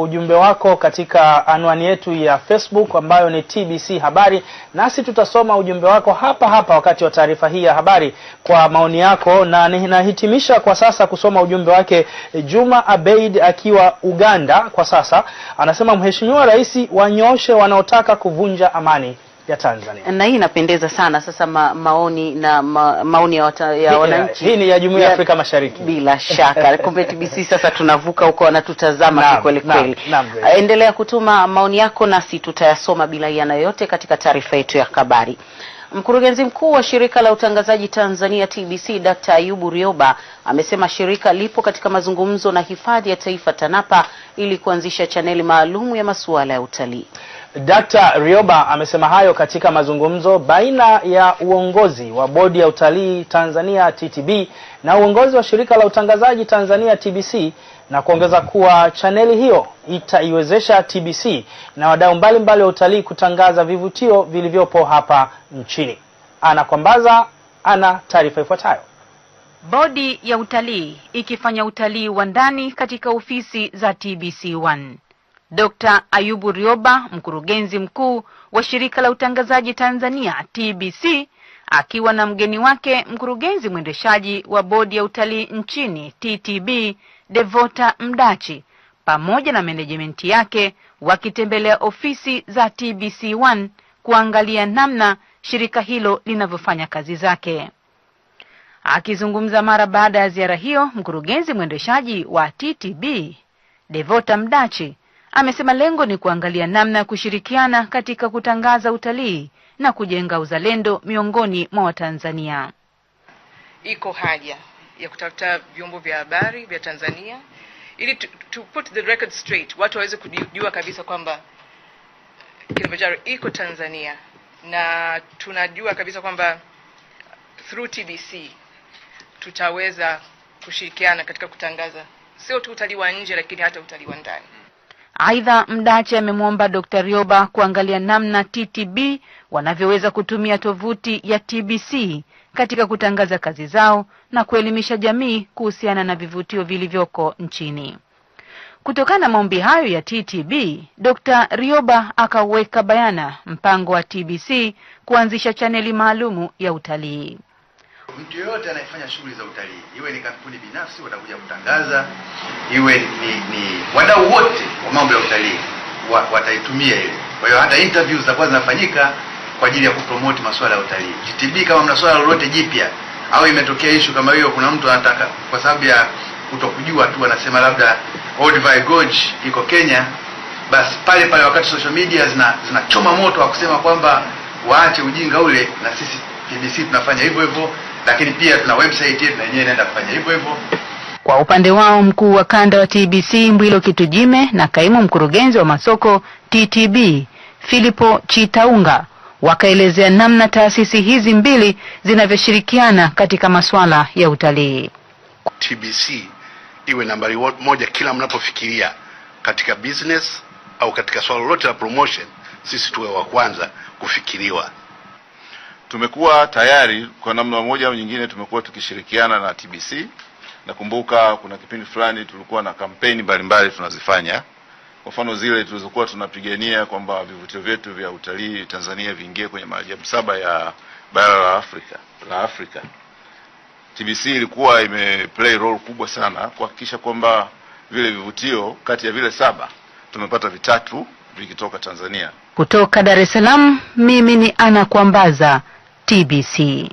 ujumbe wako katika anwani yetu ya Facebook ambayo ni TBC Habari, nasi tutasoma ujumbe wako hapa hapa wakati wa taarifa hii ya habari kwa maoni yako, na ninahitimisha kwa sasa kusoma ujumbe wake Juma Abeid akiwa Uganda. Kwa sasa anasema, Mheshimiwa Rais, wanyoshe wanaotaka kuvunja amani ya Tanzania. Na hii inapendeza sana sasa ma, maoni na ma, maoni ya, wata, ya wananchi. Hii ni ya Jumuiya ya Afrika Mashariki. Bila shaka. Kumbe TBC sasa tunavuka huko wanatutazama kweli kweli. Ah, endelea kutuma maoni yako nasi tutayasoma bila yana yote katika taarifa yetu ya habari. Mkurugenzi mkuu wa shirika la utangazaji Tanzania TBC Dr. Ayubu Rioba amesema shirika lipo katika mazungumzo na hifadhi ya taifa TANAPA ili kuanzisha chaneli maalumu ya masuala ya utalii. Dr. Rioba amesema hayo katika mazungumzo baina ya uongozi wa Bodi ya Utalii Tanzania TTB na uongozi wa Shirika la Utangazaji Tanzania TBC na kuongeza kuwa chaneli hiyo itaiwezesha TBC na wadau mbalimbali wa utalii kutangaza vivutio vilivyopo hapa nchini. Ana Kwambaza ana taarifa ifuatayo. Bodi ya Utalii ikifanya utalii wa ndani katika ofisi za TBC1. Dr. Ayubu Rioba, mkurugenzi mkuu wa shirika la utangazaji Tanzania TBC, akiwa na mgeni wake mkurugenzi mwendeshaji wa bodi ya utalii nchini TTB, Devota Mdachi, pamoja na management yake wakitembelea ofisi za TBC1 kuangalia namna shirika hilo linavyofanya kazi zake. Akizungumza mara baada ya ziara hiyo, mkurugenzi mwendeshaji wa TTB Devota Mdachi Amesema lengo ni kuangalia namna ya kushirikiana katika kutangaza utalii na kujenga uzalendo miongoni mwa Watanzania. Iko haja ya kutafuta vyombo vya habari vya Tanzania ili to, to put the record straight, watu waweze kujua kabisa kwamba Kilimanjaro iko Tanzania na tunajua kabisa kwamba through TBC tutaweza kushirikiana katika kutangaza sio tu utalii wa nje, lakini hata utalii wa ndani. Aidha, Mdache amemwomba Dr. Rioba kuangalia namna TTB wanavyoweza kutumia tovuti ya TBC katika kutangaza kazi zao na kuelimisha jamii kuhusiana na vivutio vilivyoko nchini. Kutokana na maombi hayo ya TTB, Dr. Rioba akaweka bayana mpango wa TBC kuanzisha chaneli maalumu ya utalii. Mtu yoyote anayefanya shughuli za utalii, iwe ni kampuni binafsi, watakuja kutangaza iwe ni, ni wadau wote wa mambo ya utalii wataitumia hili. Kwa hiyo hata interview zitakuwa zinafanyika kwa ajili ya kupromote masuala ya utalii. GTB, kama mna swala lolote jipya au imetokea ishu kama hiyo, kuna mtu anataka kwa sababu ya kutokujua tu anasema labda Olduvai Gorge iko Kenya, basi pale pale, wakati social media zina zinachoma moto wa kusema kwamba waache ujinga ule, na sisi TBC tunafanya hivyo hivyo, lakini pia tuna website yetu na yenyewe inaenda kufanya hivyo hivyo. Kwa upande wao mkuu wa kanda wa TBC Mbwilo Kitujime na kaimu mkurugenzi wa masoko TTB Filipo Chitaunga wakaelezea namna taasisi hizi mbili zinavyoshirikiana katika masuala ya utalii. TBC iwe nambari moja kila mnapofikiria katika business au katika swala lolote la promotion, sisi tuwe wa kwanza kufikiriwa. Tumekuwa tayari kwa namna moja au nyingine, tumekuwa tukishirikiana na TBC Nakumbuka kuna kipindi fulani tulikuwa na kampeni mbalimbali tunazifanya, kwa mfano zile tulizokuwa tunapigania kwamba vivutio vyetu vya utalii Tanzania viingie kwenye maajabu saba ya bara la Afrika la Afrika. TBC ilikuwa imeplay role kubwa sana kuhakikisha kwamba vile vivutio kati ya vile saba tumepata vitatu vikitoka Tanzania. Kutoka Dar es Salaam, mimi ni Ana Kwambaza, TBC.